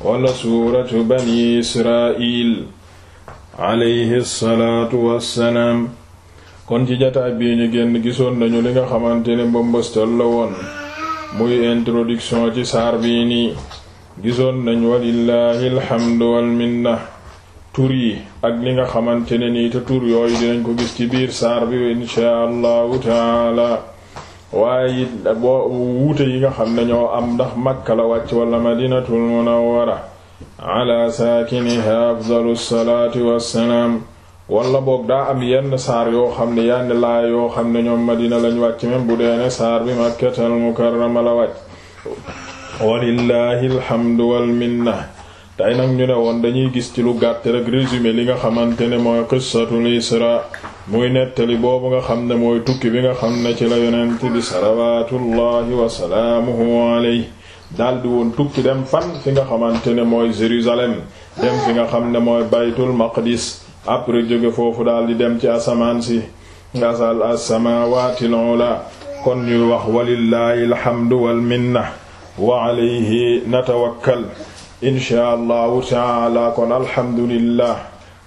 wala suuratu bani israil alayhi salaatu wassalaam kon ci jataay bii ñu génn gisoon nañu li nga xamante ne mbambastal la woon muy introduction ci saar bii nii gisoon nañ walillahi alhamdu wal minna tur yi ak li nga xamante ne nii te tur yooyu dinañ ko gis ci biir saar bi inshaa allahu taala waaye it boo wuute yi nga xam ne ñoo am ndax Makka la wàcc wala madinatul munawwara ala saakiniha afdalu salaatu wassalaam wala boog daa am yenn saar yoo xam ne yenn laa yoo xam ne ñoom madina lañ wàcc même bu deene saar bi makkatal mukarrama la wàcc walillahi alhamdu wal minna tey nag ñu ne woon dañuy gis ci lu gàtt rek résumé li nga xamante ne mooy qissatul isra muy nettali boobu nga xam ne mooy tukki bi nga xam ne ci la yonent bi salawaatullahi wa salaamuhu alayhi daldi woon tukki dem fan fi nga xamante ne mooy Jérusalem dem fi nga xam ne mooy baytul maqdis après jóge foofu daldi dem ci asamaan si ngasal as-samaawatil kon ñuy wax walillaahi alhamdu wal minna wa alayhi natawakkal inchaa allahu taala kon alhamdulillah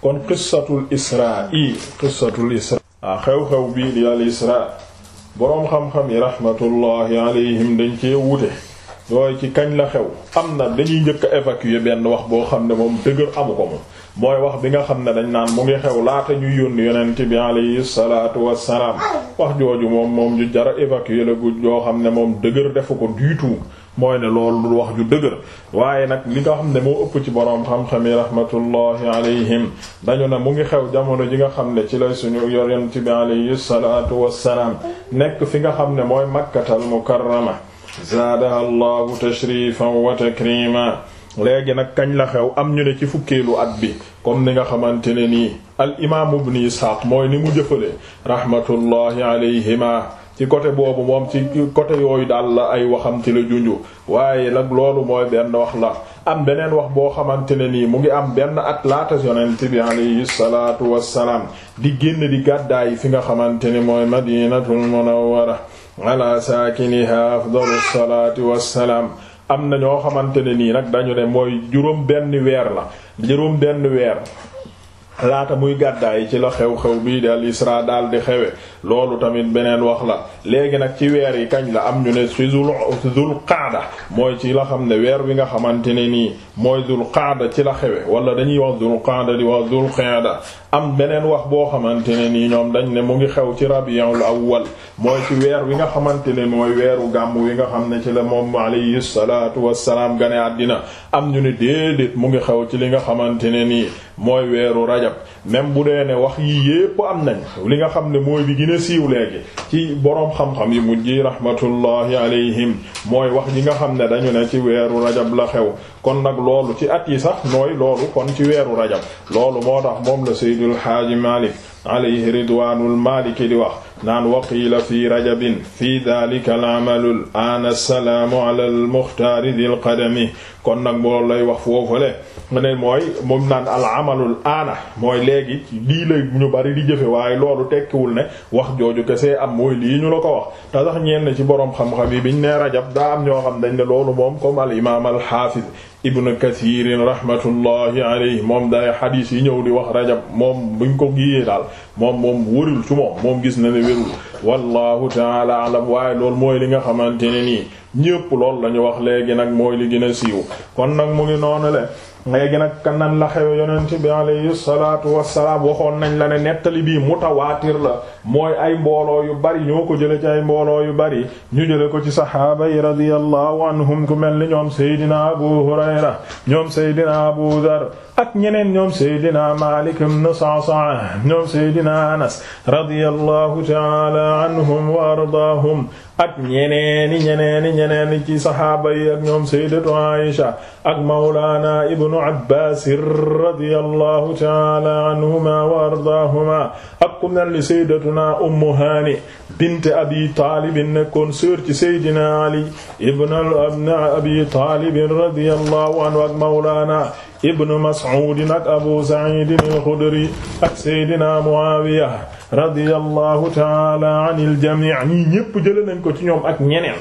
kon qissatul isra i qissatul isra waa xew-xew bii di al yi rahmatullahi alayhim dañ cee wute yooyu ci kañ la xew am na dañuy njëkk a évacuer benn wax boo xam ne moom dëgër amu ko moom mooy wax bi nga xam ne dañ naan mu ngi xew laata ñu yónni yonent bi alayhi salaatu wassalaam wax jooju moom moom ju jara évacuer la gu xam ne moom dëgër defu ko du tout ne loolu du wax ju dëgër waaye nag li nga xam ne moo ëpp ci boroom xam-xam yi rahmatullahi alayhim dañu ne mu ngi xew jamono ji nga xam ne ci lay suñu yonent bi alayhi salaatu wassalaam nekk fi nga xam ne mooy makkatal mukarrama zaadaha allahu tashrifan wa takrima léegi nag kañ la xew am ñu ne ci fukkeelu at bi comme ni nga xamante ne nii al imaamu ibn isxaaq mooy ni mu jëfale rahmatullahi alayhima ci côté boobu moom ci côté yooyu daal la ay waxam ci la junju waaye nag loolu mooy benn wax la am beneen wax boo xamante ne nii mu ngi am benn at laata yonent bi alayhi salaatu wassalaam di génn di gàddaay fi nga xamante ni mooy madinatul munawwara ala saakiniha afdalu salaati wassalaam am na ñoo xamante ne nii nag dañu ne mooy juróom benn weer la juróom benn weer laata muy gàddaay ci la xew-xew bii di al isra daal di xewe loolu tamit beneen wax la léegi nag ci weer yi kañ la am ñu ne ci zul zul qaada mooy ci la xam ne weer wi nga xamante ne nii mooy zul qaada ci la wala dañuy wax zul qaada di wax zul qaada am beneen wax boo xamante ne nii ñoom dañ ne mu ngi xew ci rabiul awwal mooy ci weer wi nga xamante ne mooy weeru gàmm wi nga xam ne ci la moom alayhi salaatu wassalaam gane àddina am ñu ne déedéet mu ngi xew ci li nga xamante ne nii mooy weeru rajab même bu dee ne wax yii yépp am nañ li nga xam ne mooy bi gën siiw léegi ci boroom xam-xam yi mujj yi rahmatullahi alayhim mooy wax ji nga xam ne dañu ne ci weeru rajab la xew kon nag loolu ci at yi sax nooy loolu kon ci weeru rajab loolu moo tax moom la Seydil Haaji Malik alayhi ridwanul maliki di wax naan waqiila fi rajabin fi dalika alamalul ana salaamu ala almuxtaari dil qadami kon nag boolu lay wax foofale nga ne mooy moom naan alamalul aana mooy léegi lii lay ñu bari di jëfe waaye loolu tekkiwul ne wax jooju kese am mooy lii ñu la ko wax te sax ñeen ci boroom xam-xam yi biñ ne rajab daa am ñoo xam dañ ne loolu moom comme al imaam al xaafiz ibnu kathirin rahmatullahi alayhi moom day xadiis yi ñëw di wax rajab moom buñ ko giyee daal moom moom wërul ci moom gis na ne wérul wallahu taala alam waaye lool mooy li nga xamante ne nii ñépp loolu la ñu wax léegi nag mooy li gën a siiw kon nag mu ngi noonu le léegi nag kanan la xewe yonent bi alayhi salaatu wassalaam waxoon nañ la ne nettali bii mutawaatir la mooy ay mbooloo yu bari ñoo ko jële ci ay mbooloo yu bari ñu jële ko ci saxaaba yi radiyallahu anhum ku mel ni ñoom seydina abu hurayra ñoom seydina abu dhar ak ñeneen ñoom seydina maalik ibn sa'sa'a ñoom seydina anas radiyallahu ta'ala anhum wa ardaahum ak ñeneeni ñeneeni ñeneeni ci saxaaba yi ak ñoom sayyidatu Aisha ak mawlaana ibnu Abbaas radiyallahu ta'ala anhuma wa ardaahuma ak ku mel ni sayyidatuna Ummu Haani bint Abi Taalib nekkoon sœur ci sayyidina Ali ibnu Abi Taalib radiyallahu anhu ak mawlaana ibnu Mas'ud ak Abu Sa'id al-Khudri ak Seydina Muawiya radiyallahu ta'ala anil jami' ñii ñépp jële nañ ko ci ñoom ak ñeneen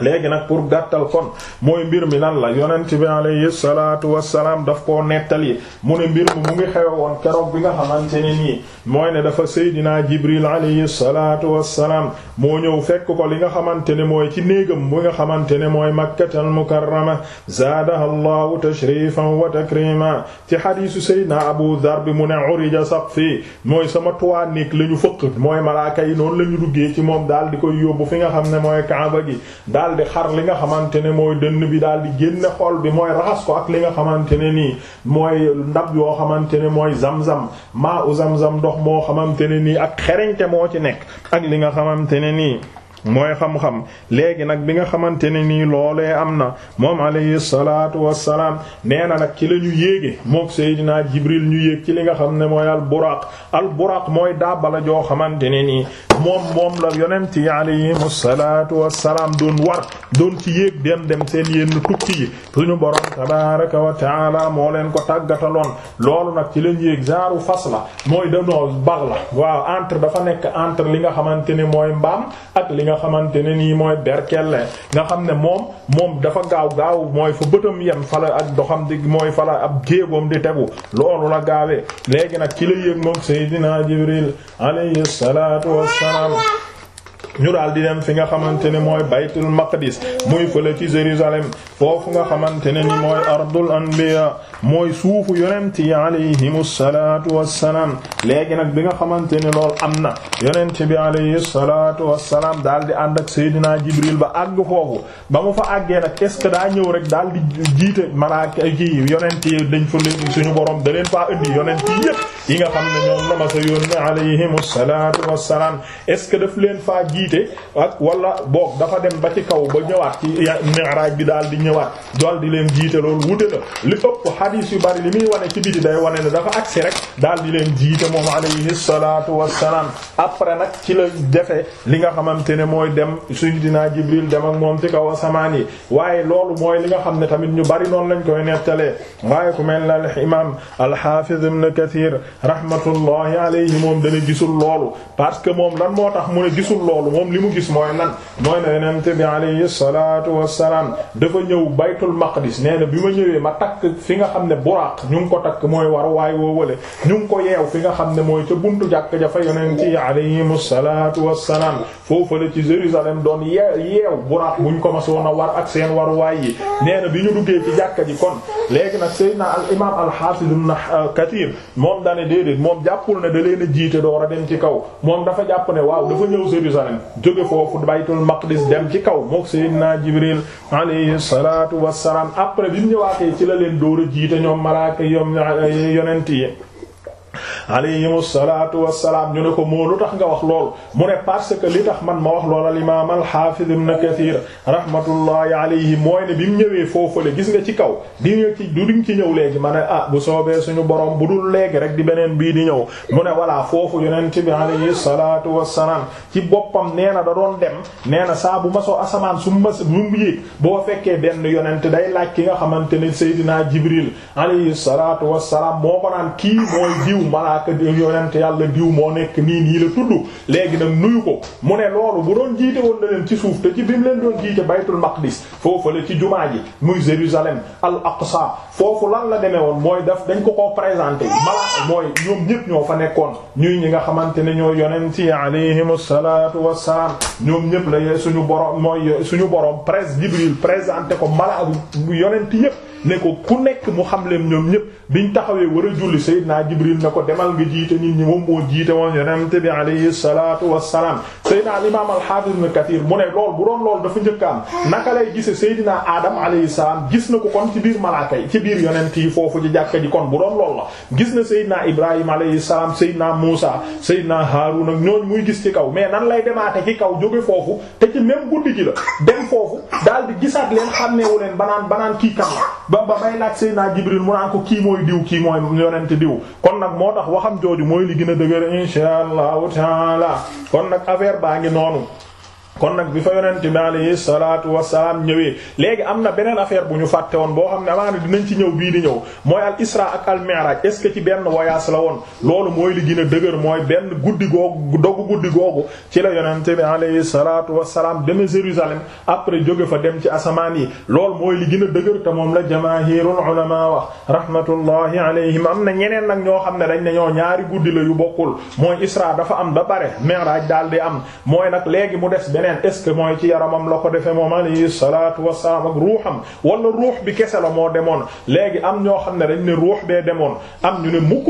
léegi nag pour gàttal kon mooy mbir mi lan la yonent bi alayhi salaatu wassalaam daf koo nettali mu ne mbir mi mu ngi xewe woon keroog bi nga xamante ne nii mooy ne dafa seydinaa jibril alayhi salaatu wassalaam moo ñëw fekk ko li nga xamante ne mooy ci néegam bu nga xamante ne mooy makkatal mukarrama zaadaha allahu tashrifan wa takrima ci xadiisu seydinaa abu dhar bi mu ne urija saqfi mooy sama toit néeg la ñu fëq mooy malaaka yi duggee ci moom daal di koy yóbbu fi nga xam ne mooy kaaba gi daal xar li nga xamante ne mooy dënn bi daal di génne xool bi mooy raxas ko ak li nga xamante ne nii mooy ndab yoo xamante ne mooy zam-zam maa u zam-zam ndox moo xamante ne nii ak xereñte moo ci nekk ak li nga xamante ne nii mooy xam-xam léegi nag bi nga xamante ne nii loole am na moom alayhi salaatu wassalaam nee na nag ci la ñu yéege mook Seydina Jibril ñu yéeg ci li nga xam ne mooy al alburaq mooy daabala joo xamante ne nii moom moom la yonent yi alayhimu salaatu wassalaam doon war doon ci yéeg dem dem seen yenn tukki yi suñu borom tabaaraka wa taala moo leen ko tàggataloon loolu nag ci lañ yéeg genre fas la mooy danoo bax la waaw entre dafa nekk entre li nga xamante ne mooy mbaam nga xamante ne nii mooy berkelle nga xam ne moom moom dafa gaaw gaaw mooy fa bëtam yem fala ak doxam di mooy fala ab jéegoom di tegu loolu la gaawee léegi nag ci la yéeg moom Seydina Jibril alayhi salaatu wassalaam ñu daal dem fi nga xamante ne mooy baytul maqdis muy fële ci Jérusalem foofu nga xamante ne ni mooy ardul anbiya mooy suufu yonent yi alayhimu salaatu wassalaam léegi nag bi nga xamante ne lool am na yonent bi alayhi salaatu wassalaam daal di ànd ak Seydina Jibril ba àgg foofu ba mu fa àggee nag est-ce que daa ñëw rek daal di jiite malaaka yi yonent yi dañ fa suñu borom da leen faa indi yi nga xam ne ñoom la ma sa yónni alayhimu salaatu jiite ak wala boog dafa dem ba ci kaw ba ñëwaat ci mi'raj bi daal di ñëwaat dal di leen jiite loolu wute na li ëpp hadith yu bari li muy wane ci biti day wane ne dafa agsi rek daal di leen jiite moom alayhi salatu wassalam après nag ci la defee li nga xamante ne mooy dem Seydina Jibril dem ak moom ci kaw asamaan yi waaye loolu mooy li nga xam ne tamit ñu bari noonu lañ koy nettalee waaye ku mel na al imam al-Hafiz Ibn Kathir rahmatullahi alayhi moom dana gisul loolu parce que moom lan moo tax mu ne gisul moom li mu gis mooy nan mooy ne yonent bi alayhi salaatu wassalaam dafa ñëw baytul maqdis nee na bi ma ñëwee ma takk fi nga xam ne buraq ñu ngi ko takk mooy war waay woowale ñu ngi ko yeew fi nga xam ne mooy ca buntu jàkk jafa yonent yi alayhimu salaatu wassalaam foofu la ci Jérusalem doon yeew yeew buraq buñ ko mas woon a war ak seen war waay yi nee bi ñu duggee ci jàkka ji kon léegi nag Seydina al imaam al hafiz ibn Kathir moom dane déedéet moom jàppul ne da leen a jiite door a dem ci kaw moom dafa jàpp ne waaw dafa ñëw Jérusalem jóge foofu baytul maqdis dem ci kaw mook Seydina Jibril alayhi salaatu wassalaam après bi mu ñëwaatee ci la leen door a jiite ñoom malaaka ñoom yonent yi alayhim salaatu wassalaam ñu ne ko moo lu tax nga wax lool mu ne parce que li tax man ma wax lool al imaam al xaafiz ibn kathir rahmatullahi alayhi mooy ne bi mu ñëwee foofule gis nga ci kaw di nga ci du duñ ci ñëw léegi ma ne ah bu soobee suñu borom bu dul léegi rek di beneen bii di ñëw mu ne voilà foofu yonent bi alayhi salaatu wassalaam ci boppam nee na da doon dem nee na saa bu ma soo asamaan su ma mu yéeg boo fekkee benn yonent day laaj ki nga xamante ne Seydina Jibril alayhi diw malaaka diw yonent yàlla diw moo nekk nii nii la tudd léegi nag nuyu ko mu ne loolu bu doon jiite woon na leen ci suuf te ci bi mu leen doon jiite baytul maqdis foofu la ci jumaa ji muy Jérusalem al aqsa foofu lan la demee woon mooy daf dañ ko koo présenté malaaka mooy ñoom ñëpp ñoo fa nekkoon ñuy ñi nga xamante ne ñoo yonent yi alayhim salaatu wassalaam ñoom ñëpp la suñu borom mooy suñu borom presse Jibril présenté ko malaaka yonent yëpp ne ko ku nekk mu xam leen ñoom ñëpp ñu taxawee war a julli Seydina Jibril ne ko demal nga jiite nit ñu moom moo jiite woon yonent bi alayhi salaatu wassalaam salaam al imaam al hafiz ibn Kathir mu ne lool bu doon dafa njëkk am naka lay gise Seydina Adam alayhi salaam gis na ko kon ci biir malaaka yi ci biir yonent yi foofu ci jàkka ji kon bu doon lool la gis na Seydina Ibrahima alayhi salaam Seydina Muusa Seydina Haaruna ñooñ muy gis ci kaw mais nan lay demaate ci kaw jóge foofu te ci même guddi gi la dem foofu daal di gisaat leen xàmmeewu leen banaan banaan kii kam ba ba may laaj Seydina Jibril mu naan ko kii mooy diw kii mooy yonent diw kon nag moo tax waxam jooju mooy li gën a dëgër insha allahu taala kon nag affaire baa ngi noonu kon nag bi fa yonent bi alayhi salaatu wasalaam ñëwee léegi am na beneen affaire bu ñu fàtte woon boo xam ne amaana dinañ ñëw bii di ñëw mooy al isra ak al mi'raj est ce que ci benn voyage la woon loolu mooy li gën a dëgër mooy benn guddi googu guddi googu ci la yonent bi alayhi salaatu wasalaam dem Jérusalem après joge fa dem ci asamaan yi loolu mooy li gën a dëgër te moom la jamaahirul ulama wax rahmatullahi alayhim am na ñeneen nag ñoo xam ne dañ ne ñoo ñaari guddi la yu bokkul mooy isra dafa am da bare mi'raj daal di am mooy nag léegi mu feneen est ce que mooy ci yaramam la ko defee moom alayhi salaatu wassalaam ak ruuxam wala ruux bi kese la moo demoon léegi am ñoo xam ne dañ ne ruux bee demoon am ñu ne mukk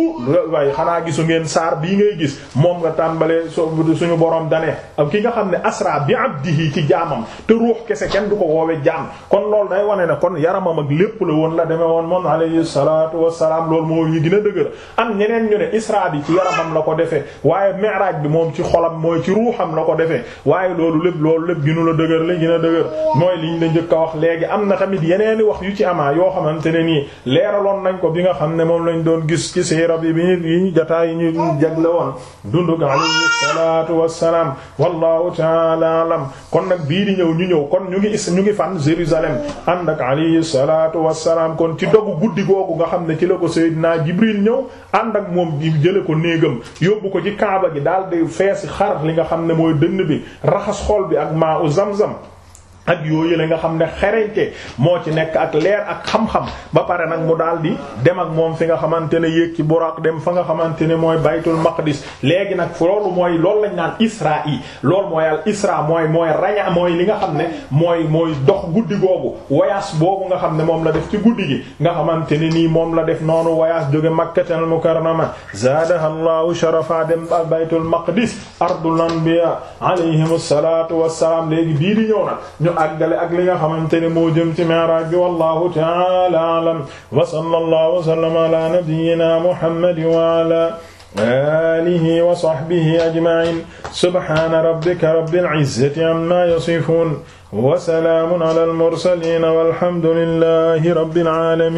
waaye xanaa gisu ngeen saar bii ngay gis moom nga tàmbalee suñu borom dane ak ki nga xam ne asra bi abdihi ci jaamam te ruux kese kenn du ko woowee jaam kon loolu day wane ne kon yaramam ak lépp la woon la demee woon moom alayhi salaatu wassalaam loolu moo ñu gën a dëgër am ñeneen ñu ne isra bi ci yaramam la ko defee waaye mi'raj bi moom ci xolam mooy ci ruuxam la ko defee waaye loolu lépp loolu lépp ginu la dëgër la gën a dëgër mooy liñ la njëkk a wax léegi am na tamit yeneeni wax yu ci amaa yoo xamante ne nii leeraloon nañ ko bi nga xam ne moom lañ doon gis ci siira bi bi ñu jotaay yi ñu jagle woon dundug alayhi salaatu wassalaam wallahu taala alam kon nag bii di ñëw ñu ñëw kon ñu ngi is ñu ngi fan Jérusalem ànd ak alayhi salaatu wassalaam kon ci dogu guddi googu nga xam ne ci la ko Seydina Jibril ñëw ànd ak moom di jële ko néegam yóbbu ko ci Kaaba gi daal di fees xar li nga xam ne mooy dënn bi raxas xol xol bi ak maa u zamzam ak yooyu la nga xam ne xereñte moo ci nekk ak leer ak xam-xam ba pare nag mu daal di dem ak moom fi nga xamante ne yéeg ci buraak dem fa nga xamante ne mooy baytul maqdis léegi nag loolu mooy loolu lañ naan isra yi loolu mooy al isra mooy mooy raña mooy li nga xam ne mooy mooy dox guddi googu voyage boobu nga xam ne moom la def ci guddi gi nga xamante ne nii moom la def noonu voyage jóge makkatal mukarrama zaadaha llahu sharafa dem ba baytul maqdis ardul anbiya alayhim salatu wassalam léegi bii di àggale ak li nga xamante ne moo jëm ci mi'raaj bi wallahu ta'ala a'lam wa sallallahu wa sallama ala nabiyyina muhammadin wa ala alihi wa sahbihi ajma'in subhana rabbika rabbil izzati amma yasifun wa salamun ala al mursalin walhamdulillahi rabbil alamin